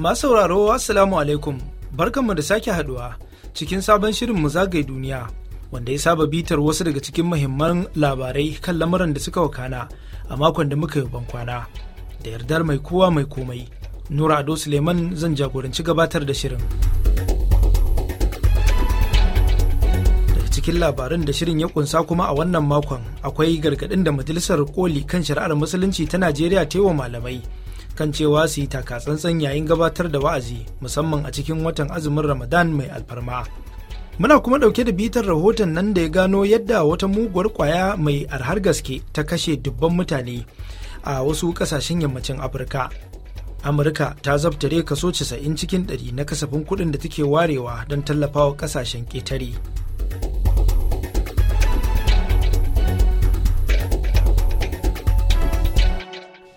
Masu sauraro Assalamu alaikum, barkanmu da sake haduwa cikin sabon shirin mu zagaye duniya wanda ya saba bitar wasu daga cikin muhimman labarai kan lamuran da suka wakana a makon da muka yi bankwana da yardar mai kowa mai komai. Nura Ado Suleiman zan jagoranci gabatar da shirin. Daga cikin labarin da shirin ya kunsa kuma a wannan makon akwai gargadin da majalisar koli kan shari'ar musulunci ta Najeriya ta yi wa malamai. kan cewa su yi takatsantsan yayin gabatar da wa'azi musamman a cikin watan azumin ramadan mai alfarma muna kuma ɗauke da bitar rahoton nan da ya gano yadda wata muguwar kwaya mai arhar gaske ta kashe dubban mutane a wasu ƙasashen yammacin afirka amurka ta zabtare kaso 90 cikin 100 na kasafin kuɗin da take warewa don tallafawa ƙasashen ƙetare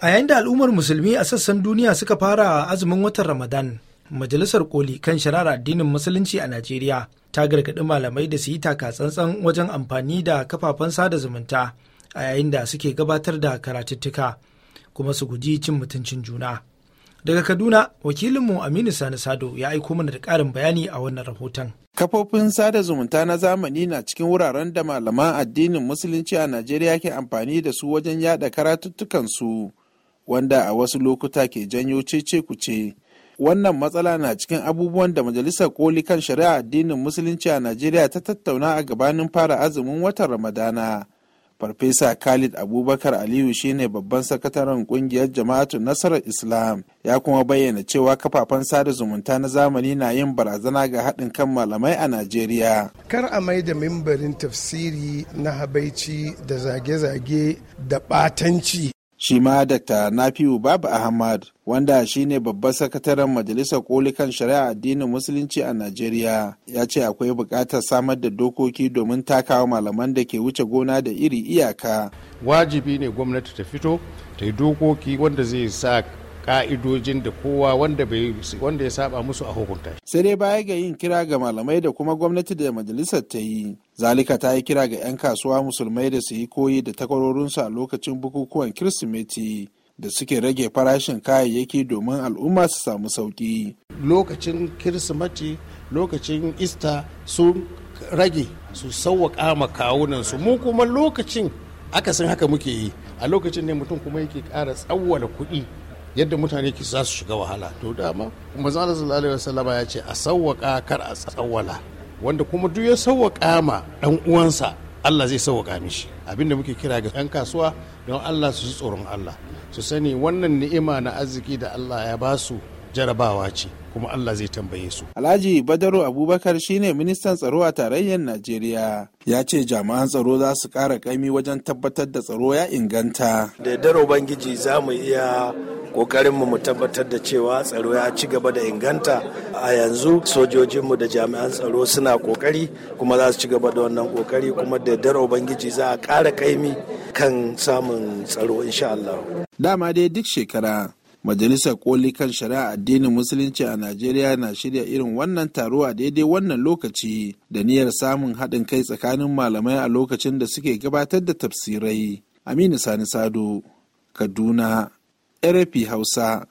a yayin da al'ummar musulmi a sassan duniya suka fara a azumin watan ramadan majalisar koli kan shari'ar addinin musulunci a najeriya ta gargaɗi malamai da su yi takatsantsan wajen amfani da kafafen sada zumunta a yayin da suke gabatar da karatuttuka kuma su guji cin mutuncin juna daga kaduna wakilinmu aminu sani sado ya aiko mana da ƙarin bayani a wannan rahoton Kafofin sada zumunta na zamani na cikin wuraren da malaman addinin Musulunci a Najeriya ke amfani da su wajen yada karatuttukansu wanda a wasu lokuta ke janyo cece kuce wannan matsala na cikin abubuwan da majalisar koli kan shari'a addinin musulunci a najeriya ta tattauna a gabanin fara azumin watan ramadana farfesa khalid abubakar aliyu shine babban sakataren kungiyar jama'atu nasarar islam ya kuma bayyana cewa kafafen sada zumunta na zamani na yin barazana ga haɗin kan malamai a najeriya kar a mai da mimbarin tafsiri na habaici da zage-zage da ɓatanci shi ma Dr. Nafiu Babu Ahmad wanda shine babban sakataren majalisar koli kan shari'a addinin musulunci a Najeriya ya ce akwai buƙatar samar da dokoki domin takawa malaman da ke wuce gona da iri iyaka. Wajibi ne gwamnati ta fito ta yi dokoki wanda zai sa ka'idojin da kowa wanda ya saba musu a hukunta sai dai baya ga yin kira ga malamai da kuma gwamnati da majalisar ta yi zalika ta yi kira ga 'yan kasuwa musulmai da su yi koyi da takwarorinsu a lokacin bukukuwan kirsimeti da suke rage farashin kayayyaki domin al'umma su samu sauki lokacin Kirsimeti, lokacin ista sun rage su sauwaƙa ma kawunansu mu kuma lokacin akasin haka muke yi a lokacin ne mutum kuma yake ƙara tsawwala kuɗi yadda mutane ke za su shiga wahala to dama manzo Allah sallallahu alaihi wasallam ya ce a sawwaka kar a tsawwala wanda kuma duk ya sawwaka ma dan uwansa Allah zai sawwaka mishi abinda muke kira ga yan kasuwa don Allah su ji tsoron Allah su sani wannan ni'ima na arziki da Allah ya ba su. jarabawa ce kuma Allah zai tambaye su. Alhaji Badaru Abubakar shine ministan tsaro a tarayyar Najeriya. Ya ce jami'an tsaro za su ƙara ƙaimi wajen tabbatar da tsaro ya inganta. Da dar Ubangiji za mu iya ƙoƙarinmu mu tabbatar da cewa tsaro ya ci gaba da inganta a yanzu sojojinmu da jami'an tsaro suna ƙoƙari kuma za su ci gaba da wannan ƙoƙari kuma da dar Ubangiji za a ƙara ƙaimi kan samun tsaro insha Allah. Dama dai duk shekara majalisar koli kan shari'a addinin musulunci a najeriya na shirya irin wannan taro a daidai wannan lokaci da niyyar samun haɗin kai tsakanin malamai a lokacin da suke gabatar da tafsirai aminu sani sado kaduna rfi hausa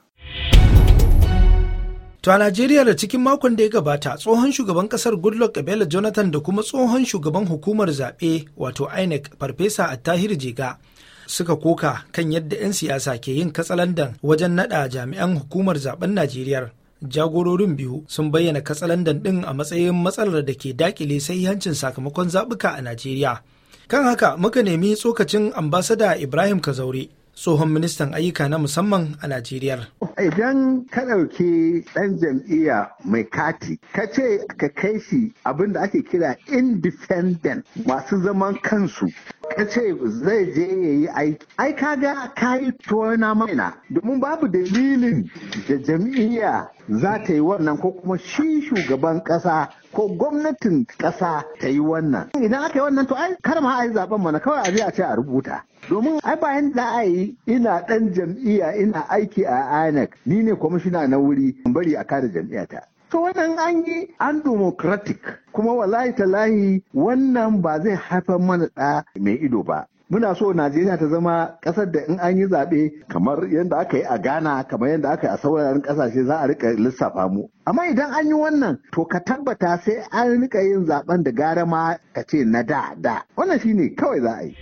To a Najeriya da cikin makon da ya gabata tsohon shugaban kasar Goodluck abela Jonathan da kuma tsohon shugaban hukumar zaɓe wato INEC Farfesa Attahir Jega suka koka kan yadda 'yan siyasa ke yin katsalandan wajen nada jami'an hukumar zaben Najeriya. Jagororin biyu sun bayyana katsalandan ɗin a matsayin matsalar da ke dakile hancin sakamakon zaɓuka a Najeriya. Kan haka muka nemi tsokacin ambasada Ibrahim Kazaure tsohon ministan ayyuka na musamman a Najeriya. Idan ka ɗauki ɗan jam'iyya mai kati, ka ce ka kai shi abin da ake kira independent masu zaman kansu ka ce zai je ya yi aiki ai ga ka yi na maina domin babu dalilin da jam'iyya za ta yi wannan ko kuma shi shugaban kasa ko gwamnatin kasa ta yi wannan idan aka yi wannan to ai kar ma ai zaben mana kawai a zai a ce a rubuta domin ai bayan da a yi ina dan jam'iyya ina aiki a INEC ni ne kwamishina na wuri bari a kare jam'iyyata to wannan an yi an democratic kuma wallahi talahi wannan ba zai haifar mana ɗa mai ido ba muna so najeriya ta zama kasar da in an yi zaɓe kamar yadda aka yi a ghana kamar yadda aka yi a sauran ƙasashe za a rika lissafa mu amma idan an yi wannan to ka tabbata sai an rika yin zaɓen da gara ma ka ce na da da wannan shine kawai za a yi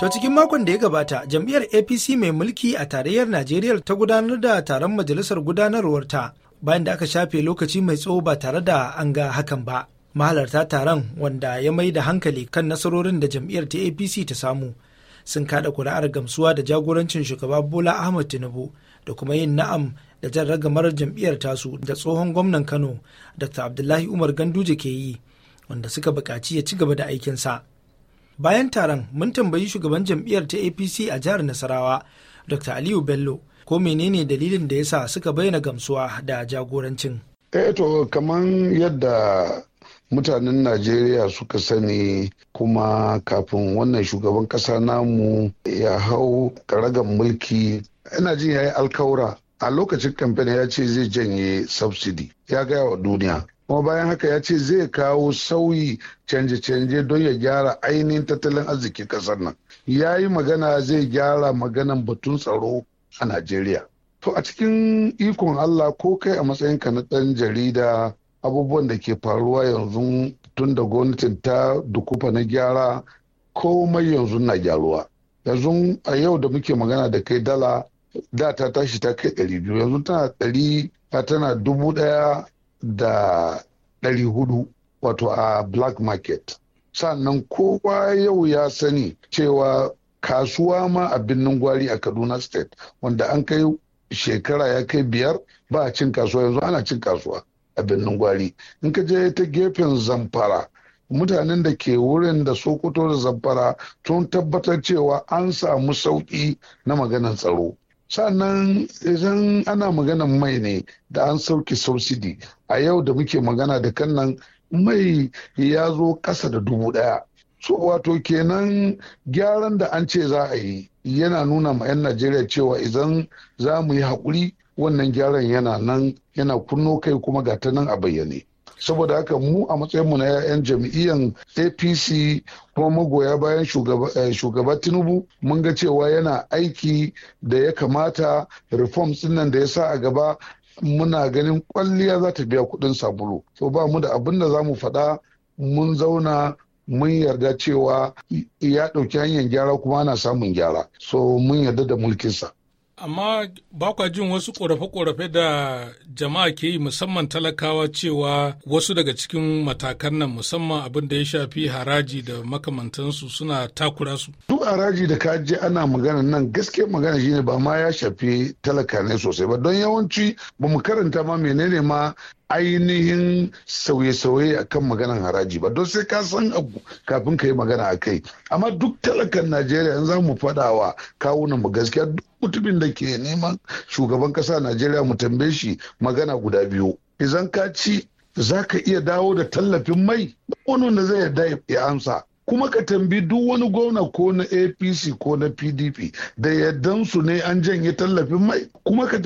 To cikin makon da ya gabata, jam'iyyar APC mai mulki a tarayyar Najeriya ta gudanar da taron majalisar gudanarwarta bayan da aka shafe lokaci mai tsawo ba tare da an ga hakan ba. Mahalarta taron wanda ya mai da hankali kan nasarorin da jam'iyyar ta APC ta samu sun kada kuri'ar gamsuwa da jagorancin shugaba Bola Ahmad Tinubu da kuma yin na'am da jan ragamar jam'iyyar tasu da tsohon gwamnan Kano Dr. Abdullahi Umar Ganduje ke yi wanda suka buƙaci ya ci gaba da aikinsa. bayan taron mun tambayi shugaban jam'iyyar ta apc a jihar nasarawa dr aliyu bello ko menene dalilin da yasa suka bayyana gamsuwa da jagorancin eh to kamar yadda mutanen najeriya suka sani kuma kafin wannan shugaban kasa namu ya hau karagan mulki ina jin ya yi alkawura a lokacin kamfani ya ce zai janye subsidy ya gaya wa duniya kuma bayan haka ya ce zai kawo sauyi canje-canje don ya gyara ainihin tattalin arzikin ƙasar nan ya yi magana zai gyara maganan batun tsaro a najeriya to a cikin ikon allah ko kai a matsayinka na ɗan jarida abubuwan da ke faruwa yanzu tun da gwamnatin ta dukufa na gyara komai yanzu na gyaruwa yanzu a yau da muke magana da kai dala da ta tashi ta kai ɗari biyu yanzu tana ɗari tana dubu ɗaya da ɗari hudu wato a black market sannan kowa yau ya sani cewa kasuwa ma a birnin gwari a kaduna state wanda an kai shekara ya kai biyar ba cin kasuwa yanzu ana cin kasuwa a birnin gwari in ka je ta gefen zamfara mutanen da ke wurin da sokoto da zamfara sun tabbatar cewa an samu sauƙi na maganar tsaro sannan idan ana maganan mai ne da an sauke subsidy a yau da muke magana da kan nan mai ya zo kasa da dubu ɗaya so wato kenan gyaran da an ce za a yi yana nuna ma 'yan najeriya cewa idan za mu yi haƙuri wannan gyaran yana nan yana kunno kai kuma ga ta nan a bayyane saboda haka mu a matsayin mu na 'yan jam'iyyar apc kuma magoya bayan eh, shugaba tinubu mun ga cewa yana aiki da ya kamata reforms nan da ya sa a gaba muna ganin kwalliya za ta biya kudin sabulu so ba mu da abin da za mu faɗa mun zauna mun yarda cewa ya ɗauki hanyar gyara kuma ana samun gyara so mun yarda da mulkinsa amma ba kwa jin wasu korafe-korafe da jama'a ke yi musamman talakawa cewa wasu daga cikin matakan nan musamman abin da ya shafi haraji da makamantansu suna takura su. duk haraji da ka je ana magana nan gaske magana shine ba ma ya shafi talaka ne sosai ba don yawanci ba mu karanta ma menene ma ainihin sauye-sauye a kan maganan haraji ba don sai ka san abu kafin ka yi magana a kai amma duk talakan najeriya in za mu faɗa wa kawunan gaskiya duk mutumin da ke neman shugaban ƙasa najeriya mu tambaye shi magana guda biyu idan ka ci za ka iya dawo da tallafin mai wani wanda zai yarda ya amsa kuma ka tambi duk wani gwamna ko na apc ko na pdp da su ne an janye tallafin mai kuma ka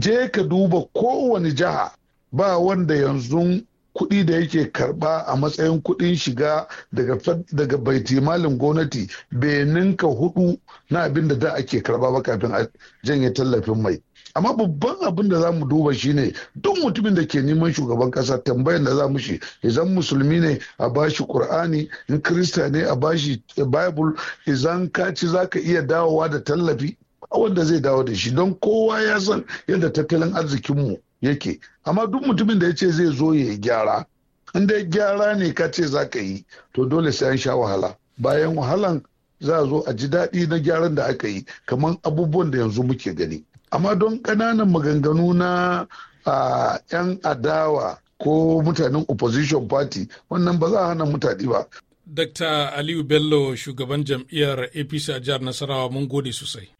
je ka duba kowane jiha ba wanda yanzu kuɗi da yake karɓa a matsayin kuɗin shiga daga baiti malin gwamnati bai ninka hudu na abin da da ake karɓa ba kafin a janye tallafin mai amma babban abin da za mu duba shine duk mutumin da ke neman shugaban kasa tambayan da za mu shi idan musulmi ne a bashi kur'ani in krista ne a bashi bible idan kaci ci za ka iya dawowa da tallafi a wanda zai dawo da shi don kowa ya san yadda tattalin arzikinmu yake amma duk mutumin da ya ce zai zo ya yi gyara in dai gyara ne ka ce za ka yi to dole sai an sha wahala bayan wahalan za a zo a ji daɗi na gyaran da aka yi kamar abubuwan da yanzu muke gani amma don ƙananan maganganu na yan adawa ko mutanen opposition party wannan ba za a hana mutane ba Dr. Aliyu Bello shugaban jam'iyyar APC a jihar Nasarawa mun gode sosai.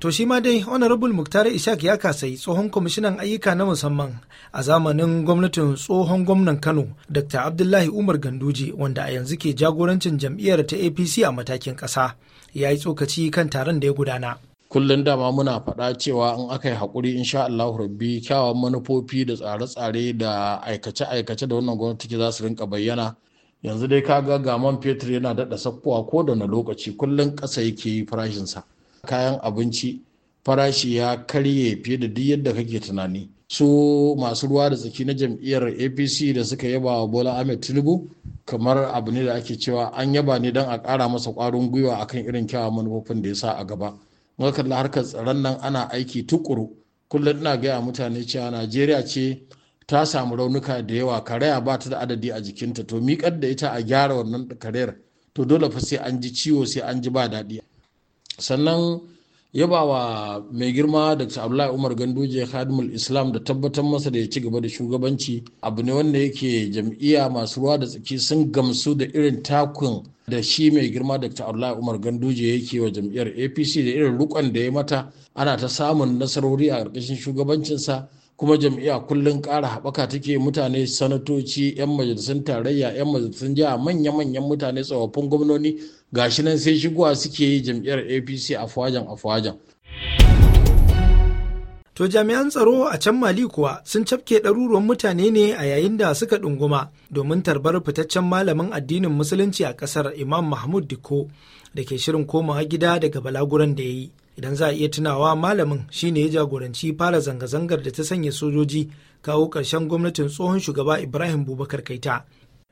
To shi ma dai Honorable Muktar Ishaq ya kasai tsohon kwamishinan ayyuka na musamman a zamanin gwamnatin tsohon gwamnan Kano Dr. Abdullahi Umar Ganduje wanda a yanzu ke jagorancin jam'iyyar ta APC a matakin ƙasa ya yi tsokaci kan taron da ya gudana. Kullum dama muna faɗa cewa in aka yi haƙuri insha Allah rabbi kyawawan manufofi da tsare-tsare da aikace-aikace da wannan gwamnati ke za su rinka bayyana. Yanzu dai kaga ga man fetur yana daɗa sakkowa ko da na lokaci kullum ƙasa yake yi farashinsa. kayan abinci farashi ya karye fiye da duk yadda kake tunani su masu ruwa da tsaki na jam'iyyar apc da suka yaba wa bola ahmed tinubu kamar abu ne da ake cewa an yaba ne don a kara masa kwarin gwiwa akan irin kyawawan manufofin da ya sa a gaba kalla harkar tsaron nan ana aiki tukuru kullum ina gaya mutane cewa najeriya ce ta samu raunuka da yawa karaya ba ta da adadi a jikinta to miƙar da ita a gyara wannan karayar to dole fa sai an ji ciwo sai an ji ba daɗi sannan yaba wa mai girma dr abdullahi umar ganduje khadimul islam da tabbatar masa da ya ci gaba da shugabanci abu ne wanda yake jam'iyya masu ruwa da tsaki sun gamsu da irin takun da shi mai girma dr abdullahi umar ganduje yake wa jam'iyyar apc da irin rukon da ya mata ana ta samun nasarori a ƙarƙashin shugabancinsa kuma jam'iyya kullum kara haɓaka take mutane sanatoci 'yan majalisun tarayya 'yan majalisun jiha manya-manyan mutane tsofaffin gwamnoni gashi nan sai shigowa suke yi jam'iyyar apc a fajan a fajan To jami'an tsaro a can Mali kuwa sun cafke ɗaruruwan mutane ne a yayin da suka ɗunguma domin tarbar fitaccen malamin addinin musulunci a ƙasar Imam Mahmud Diko da ke shirin komawa gida daga balaguran da ya yi. idan za a iya tunawa malamin shine ya jagoranci fara zanga-zangar da ta sanya sojoji kawo ƙarshen gwamnatin tsohon shugaba ibrahim bubakar kaita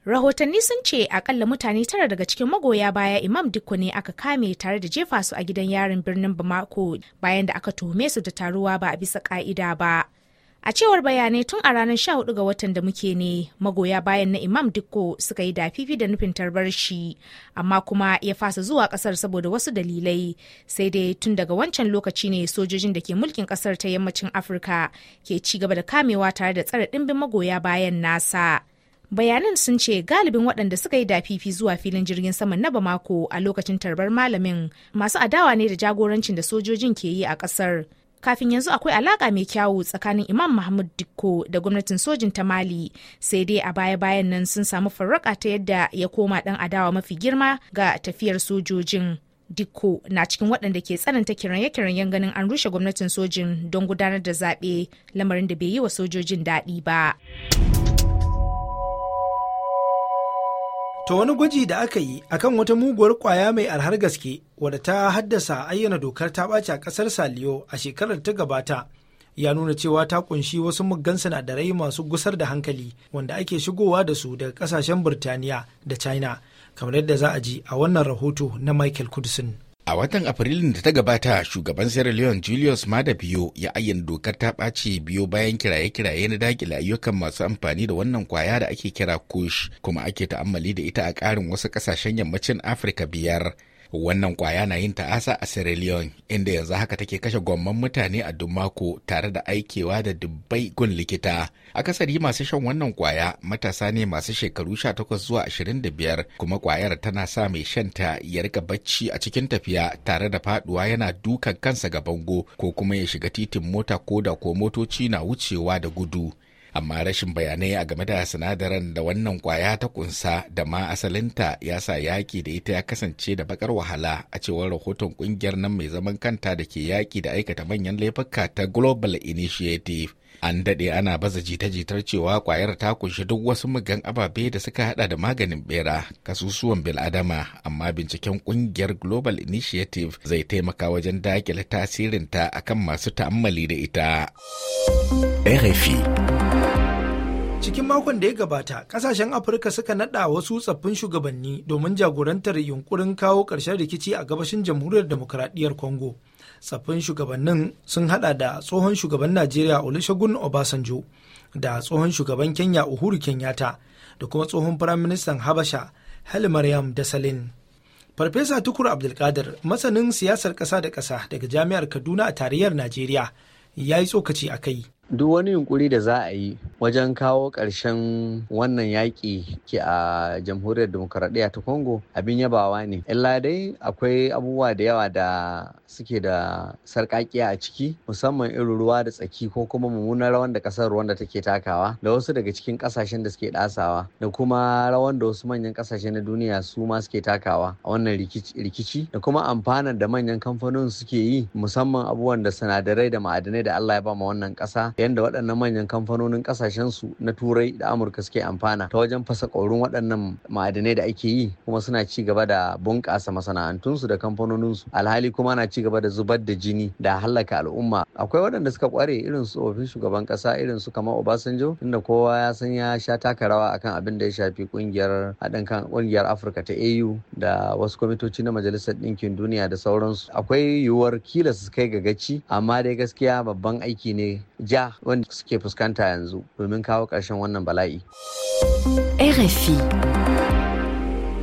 rahotanni sun ce akalla mutane tara daga cikin magoya baya imam dikko ne aka kame tare da jefa su a gidan yarin birnin bamako bayan da aka tuhume su da taruwa ba a bisa ka'ida ba A cewar bayanai tun a ranar 14 ga watan da muke ne magoya bayan na Imam Dikko suka yi dafifi da nufin tarbar shi amma kuma ya fasa zuwa kasar saboda wasu dalilai sai dai tun daga wancan lokaci ne sojojin da ke mulkin kasar ta yammacin Afirka ke ci gaba da kamewa tare da tsare dimbin magoya bayan nasa. Bayanan sun ce galibin waɗanda suka yi dafifi zuwa filin jirgin saman na Bamako a lokacin tarbar malamin masu adawa ne da jagorancin da sojojin ke yi a ƙasar. kafin yanzu akwai alaka mai kyawu tsakanin imam mahmud dikko da gwamnatin sojin ta mali sai dai a baya-bayan nan sun samu farraka ta yadda ya koma dan adawa mafi girma ga tafiyar sojojin dikko na cikin waɗanda ke tsananta kiranye-kiranyen ganin an rushe gwamnatin sojin don gudanar da zaɓe lamarin da bai yi wa sojojin daɗi ba. To wani gwaji da aka yi akan wata muguwar kwaya mai arhar gaske wadda ta haddasa ayyana dokar ta ɓaci a ƙasar Saliyo a shekarar ta gabata ya nuna cewa ta kunshi wasu muggan sinadarai masu gusar da hankali wanda ake shigowa da su daga ƙasashen birtaniya da China kamar yadda za a ji a wannan rahoto na Michael Kudson. A watan Afrilun da ta gabata shugaban Sierra Leone Julius Mada ya ayyana dokar ta ɓace biyo bayan kiraye-kiraye na dakile ayyukan masu amfani da wannan kwaya da ake kira kush kuma ake ta'ammali da ita a ƙarin wasu ƙasashen yammacin Afirka biyar. Wannan kwaya na yin ta'asa a Sierra Leone inda yanzu haka take kashe gwamman mutane a duk tare da aikewa da dubbai gun likita. Akasari masu shan wannan kwaya matasa ne masu shekaru 18 zuwa 25 kuma kwayar tana sa mai shanta ya rika bacci a cikin tafiya tare da faduwa yana dukan kansa ga bango ko kuma ya shiga titin mota ko da ko motoci na wucewa da gudu. amma rashin bayanai a game da sinadaran da wannan kwaya ta kunsa da ma asalinta ya sa yaƙi da ita ya kasance da bakar wahala a cewar rahoton ƙungiyar nan mai zaman kanta da ke yaƙi da aikata manyan laifuka ta global initiative An daɗe ana baza jita-jitar cewa kwayar ta kunshi duk wasu mugan ababe da suka hada da maganin bera, kasusuwan bil'adama, amma binciken ƙungiyar Global Initiative zai taimaka wajen dakile tasirinta akan masu ta'ammali da ita. RFI Cikin makon da ya gabata, kasashen Afirka suka naɗa wasu tsaffin shugabanni domin jagorantar yunkurin kawo ƙarshen rikici a gabashin jamhuriyar demokuraɗiyyar Congo. tsaffin shugabannin sun hada da tsohon shugaban najeriya olusegun obasanjo da tsohon shugaban kenya uhuru kenyatta da kuma tsohon firaministan habasha hali maryam dasalin farfesa tukur abdulkadir masanin siyasar ƙasa da ƙasa daga jami'ar kaduna a tarayyar najeriya ya yi tsokaci a kai duk wani yunkuri da za a yi wajen kawo ƙarshen wannan yaƙi ke a jamhuriyar demokaradiyya ta congo abin yabawa ne illa dai akwai abubuwa da yawa da suke da sarƙaƙiya a ciki musamman irin ruwa da tsaki ko kuma mummunan rawan da ƙasar ruwan da take takawa da wasu daga cikin ƙasashen da suke ɗasawa da kuma rawan da wasu manyan ƙasashe na duniya su ma suke takawa a wannan rikici da kuma amfanar da manyan kamfanonin suke yi musamman abubuwan da sinadarai da ma'adanai da Allah ya ba ma wannan ƙasa yadda waɗannan manyan kamfanonin ƙasashe kasashen su na turai da amurka suke amfana ta wajen fasa ƙaurin waɗannan ma'adanai da ake yi kuma suna ci gaba da bunƙasa masana'antunsu da kamfanoninsu alhali kuma na ci gaba da zubar da jini da hallaka al'umma akwai waɗanda suka kware irin su ofin shugaban ƙasa irin su kamar obasanjo inda kowa ya san ya sha taka rawa akan abin da ya shafi ƙungiyar haɗin kan ƙungiyar afirka ta au da wasu kwamitoci na majalisar ɗinkin duniya da sauransu akwai yiwuwar kila su kai ga gaci amma dai gaskiya babban aiki ne ja wanda suke fuskanta yanzu domin kawo ƙarshen wannan bala'i. RFI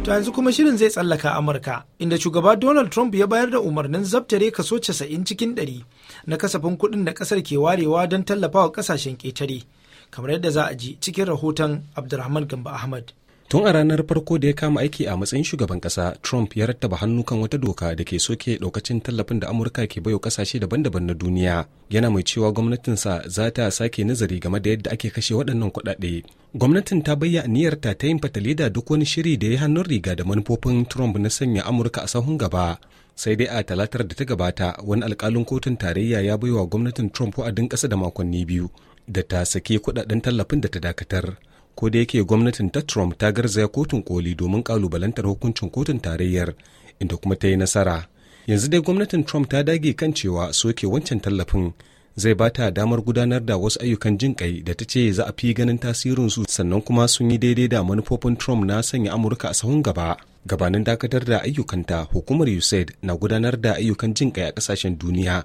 To yanzu kuma shirin zai tsallaka Amurka, inda shugaba Donald Trump ya bayar da umarnin zabtare kaso 90 cikin 100 na kasafin kuɗin da ƙasar ke warewa don tallafawa ƙasashen ƙetare, kamar yadda za a ji cikin rahoton Abdulrahman Gamba Ahmad. Tun a ranar farko da ya kama aiki a matsayin shugaban kasa, Trump ya rattaba hannu kan wata doka da ke soke daukacin tallafin da Amurka ke bayo kasashe daban-daban na duniya. Yana mai cewa gwamnatinsa za ta sake nazari game da yadda ake kashe waɗannan kuɗaɗe. Gwamnatin ta bayya niyyarta ta yin fatali duk wani shiri da ya hannun riga da manufofin Trump na sanya Amurka a sahun gaba. sai dai a talatar da ta gabata wani alkalin kotun tarayya ya wa gwamnatin trump wa'adin ƙasa da makonni biyu da ta sake kuɗaɗen tallafin da ta dakatar ko da yake gwamnatin ta trump ta garzaya kotun koli domin kalubalantar hukuncin kotun tarayyar inda kuma ta yi nasara yanzu dai gwamnatin trump ta dage kan cewa soke wancan tallafin zai ba ta damar gudanar da wasu ayyukan jin kai da ta ce za a fi ganin tasirinsu sannan kuma sun yi daidai da manufofin trump na sanya amurka a sahun gaba gabanin dakatar da ayyukanta hukumar usaid na gudanar da ayyukan jin kai a kasashen duniya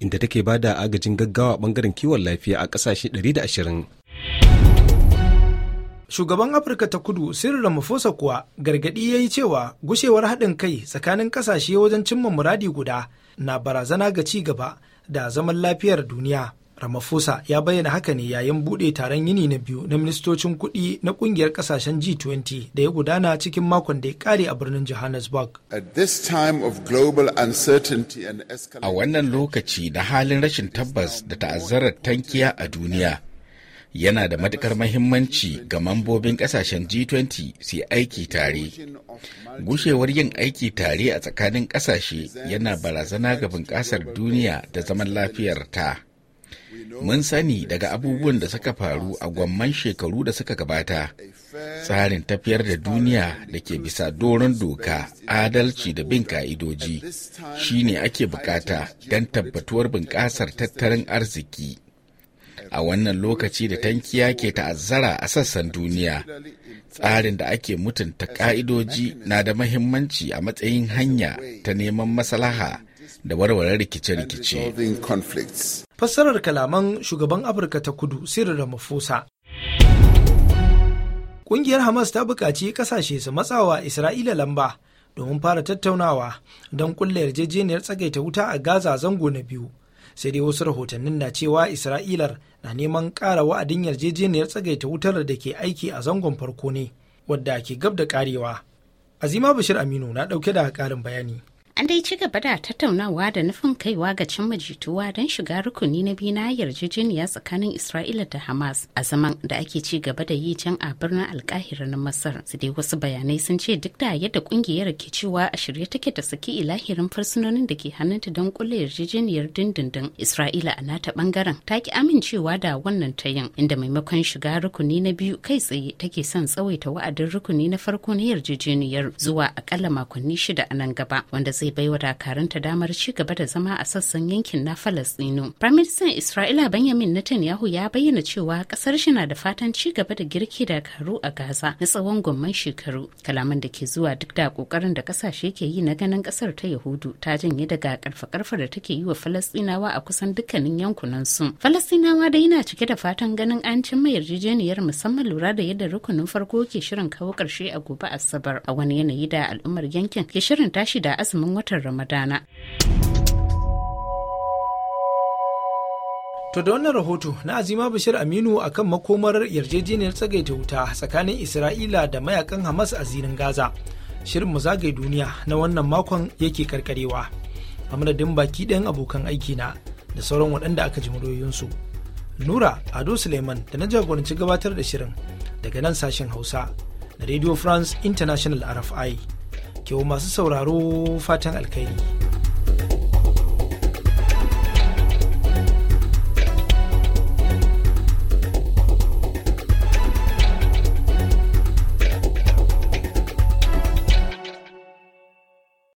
inda take ba da agajin gaggawa bangaren kiwon lafiya a kasashe 120 shugaban afirka ta kudu cyril ramaphosa kuwa gargadi ya yi cewa gushewar haɗin kai tsakanin ƙasashe wajen cimma muradi guda na barazana ga ci gaba da zaman lafiyar duniya ramaphosa ya bayyana haka ne yayin buɗe taron yini na biyu na ministocin kuɗi na ƙungiyar ƙasashen g20 da ya gudana cikin makon da ya kare a birnin johannesburg a wannan lokaci da halin rashin tabbas da ta'azzarar tankiya a duniya yana da matukar mahimmanci ga mambobin kasashen G20 su yi aiki tare. Gushewar yin aiki tare a tsakanin kasashe yana barazana ga bunƙasar duniya da zaman lafiyar ta. Mun sani daga abubuwan da suka faru a gwamman shekaru da suka gabata, tsarin tafiyar da duniya da ke bisa doron doka, adalci da bin ka'idoji, shi ne ake bukata don tabbatuwar bunƙasar tattalin arziki. a wannan lokaci da tankiya ke ta'azzara a sassan duniya tsarin da ake mutunta ka'idoji na da mahimmanci a matsayin hanya ta neman maslaha da warware rikice-rikice fassarar kalaman shugaban afirka ta kudu sirri ramaphosa kungiyar hamas ta buƙaci kasashe su matsawa isra'ila lamba domin fara tattaunawa don kulle yarjejeniyar tsagaita wuta a gaza zango na biyu sai dai wasu rahotannin na cewa isra'ilar na neman ƙara wa'adin yarjejeniyar tsagaita wutar da ke aiki a zangon farko ne wadda ke gab da karewa azima bashir aminu na ɗauke da ƙarin bayani An dai ci gaba da tattaunawa da nufin kaiwa ga cin majituwa don shiga rukuni na biyu na yarjejeniya tsakanin Isra'ila da Hamas a zaman da ake ci gaba da yi can a birnin Alkahira na Masar. Su dai wasu bayanai sun ce duk da yadda kungiyar ke cewa a shirye take da saki ilahirin fursunonin da ke hannunta don kulle yarjejeniyar dindindin. Isra'ila a nata bangaren ta ki amincewa da wannan ta yin inda maimakon shiga rukuni na biyu kai tsaye take son tsawaita wa'adin rukuni na farko na yarjejeniyar zuwa akalla makonni shida a nan gaba wanda zai zai baiwa dakaranta damar ci gaba da zama a sassan yankin na Falasɗinu. Firaministan Isra'ila Benjamin Netanyahu ya bayyana cewa kasar shi na da fatan ci gaba da girki dakaru a Gaza na tsawon gomman shekaru. Kalaman da ke zuwa duk da kokarin da kasashe ke yi na ganin kasar ta Yahudu ta janye daga karfa-karfa da take yi wa Falasɗinawa a kusan dukkanin yankunan su. Falasɗinawa dai yana cike da fatan ganin an cimma yarjejeniyar musamman lura da yadda rukunin farko ke shirin kawo ƙarshe a gobe Asabar a wani yanayi da al'ummar yankin ke shirin tashi da azumin watan ramadana To da wannan rahoto na Azima Bashir Aminu akan makomar yarjejeniyar tsagaita wuta tsakanin Isra'ila da mayakan Hamas a zirin Gaza. Shirin mu zagaye duniya na wannan makon yake karkarewa. A madadin baki ɗayan abokan aiki na da sauran waɗanda aka ji muryoyinsu. Nura Ado Suleiman da na jagoranci gabatar da shirin daga nan sashen Hausa na Radio France International RFI. Kyau masu sauraro fatan alkhairi.